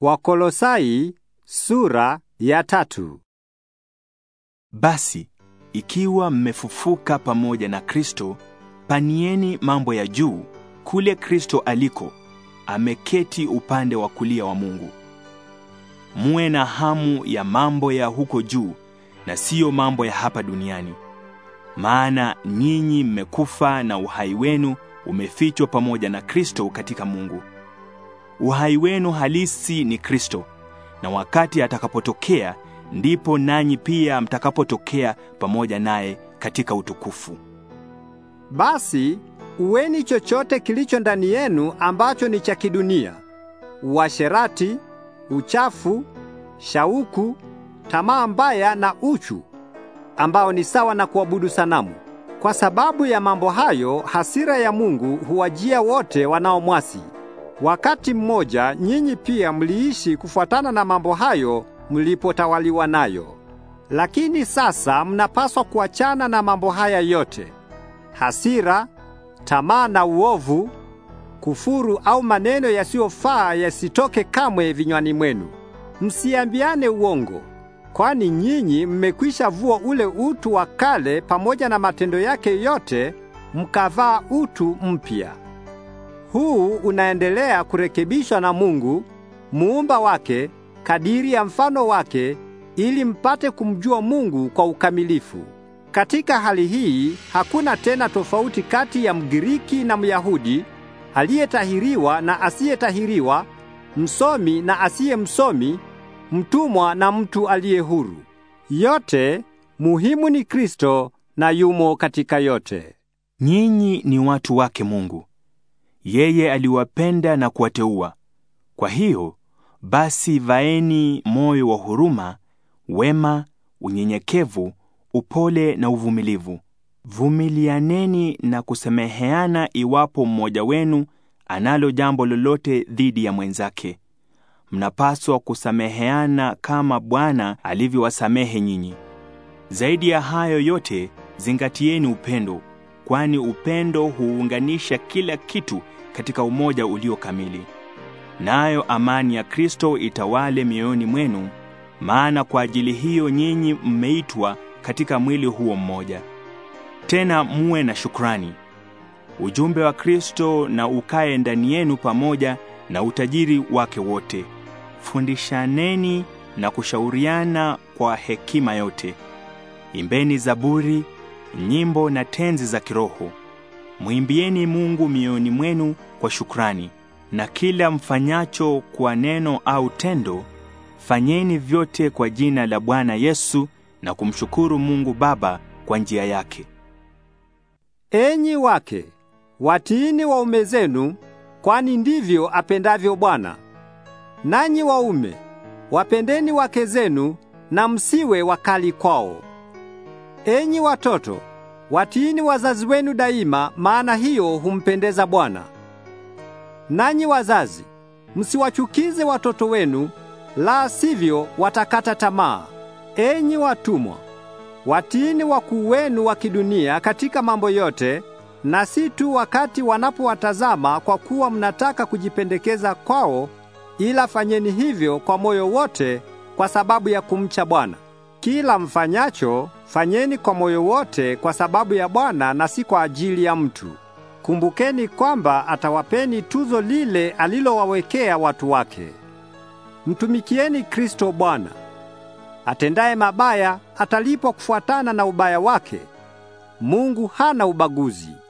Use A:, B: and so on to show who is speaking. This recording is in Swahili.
A: Wakolosai sura ya tatu. Basi ikiwa mmefufuka pamoja na Kristo, panieni mambo ya juu kule Kristo aliko ameketi upande wa kulia wa Mungu. Muwe na hamu ya mambo ya huko juu na siyo mambo ya hapa duniani. Maana nyinyi mmekufa na uhai wenu umefichwa pamoja na Kristo katika Mungu uhai wenu halisi ni Kristo, na wakati atakapotokea ndipo nanyi pia
B: mtakapotokea pamoja naye katika utukufu. Basi uweni chochote kilicho ndani yenu ambacho ni cha kidunia, uasherati, uchafu, shauku, tamaa mbaya na uchu, ambao ni sawa na kuabudu sanamu. Kwa sababu ya mambo hayo, hasira ya Mungu huwajia wote wanaomwasi. Wakati mmoja nyinyi pia mliishi kufuatana na mambo hayo mlipotawaliwa nayo. Lakini sasa mnapaswa kuachana na mambo haya yote: hasira, tamaa na uovu, kufuru au maneno yasiyofaa yasitoke kamwe vinywani mwenu. Msiambiane uongo, kwani nyinyi mmekwisha vua ule utu wa kale pamoja na matendo yake yote, mkavaa utu mpya huu unaendelea kurekebishwa na Mungu muumba wake kadiri ya mfano wake ili mpate kumjua Mungu kwa ukamilifu. Katika hali hii hakuna tena tofauti kati ya Mgiriki na Myahudi, aliyetahiriwa na asiyetahiriwa, msomi na asiye msomi mtumwa na mtu aliye huru. Yote muhimu ni Kristo na yumo katika yote.
A: Nyinyi ni watu wake Mungu. Yeye aliwapenda na kuwateua. Kwa hiyo basi vaeni moyo wa huruma, wema, unyenyekevu, upole na uvumilivu. Vumilianeni na kusameheana iwapo mmoja wenu analo jambo lolote dhidi ya mwenzake. Mnapaswa kusameheana kama Bwana alivyowasamehe nyinyi. Zaidi ya hayo yote, zingatieni upendo kwani upendo huunganisha kila kitu katika umoja ulio kamili. Nayo amani ya Kristo itawale mioyoni mwenu, maana kwa ajili hiyo nyinyi mmeitwa katika mwili huo mmoja. Tena muwe na shukrani. Ujumbe wa Kristo na ukae ndani yenu pamoja na utajiri wake wote. Fundishaneni na kushauriana kwa hekima yote. Imbeni zaburi nyimbo na tenzi za kiroho. Mwimbieni Mungu mioyoni mwenu kwa shukrani, na kila mfanyacho kwa neno au tendo, fanyeni vyote kwa jina la Bwana Yesu na kumshukuru
B: Mungu Baba kwa njia yake. Enyi wake, watiini waume zenu, kwani ndivyo apendavyo Bwana. Nanyi waume, wapendeni wake zenu na msiwe wakali kwao. Enyi watoto, Watiini wazazi wenu daima, maana hiyo humpendeza Bwana. Nanyi wazazi, msiwachukize watoto wenu, la sivyo watakata tamaa. Enyi watumwa, watiini wakuu wenu wa kidunia katika mambo yote, na si tu wakati wanapowatazama kwa kuwa mnataka kujipendekeza kwao, ila fanyeni hivyo kwa moyo wote kwa sababu ya kumcha Bwana. Kila mfanyacho fanyeni kwa moyo wote kwa sababu ya Bwana na si kwa ajili ya mtu. Kumbukeni kwamba atawapeni tuzo lile alilowawekea watu wake. Mtumikieni Kristo Bwana. Atendaye mabaya atalipwa kufuatana na ubaya wake. Mungu hana ubaguzi.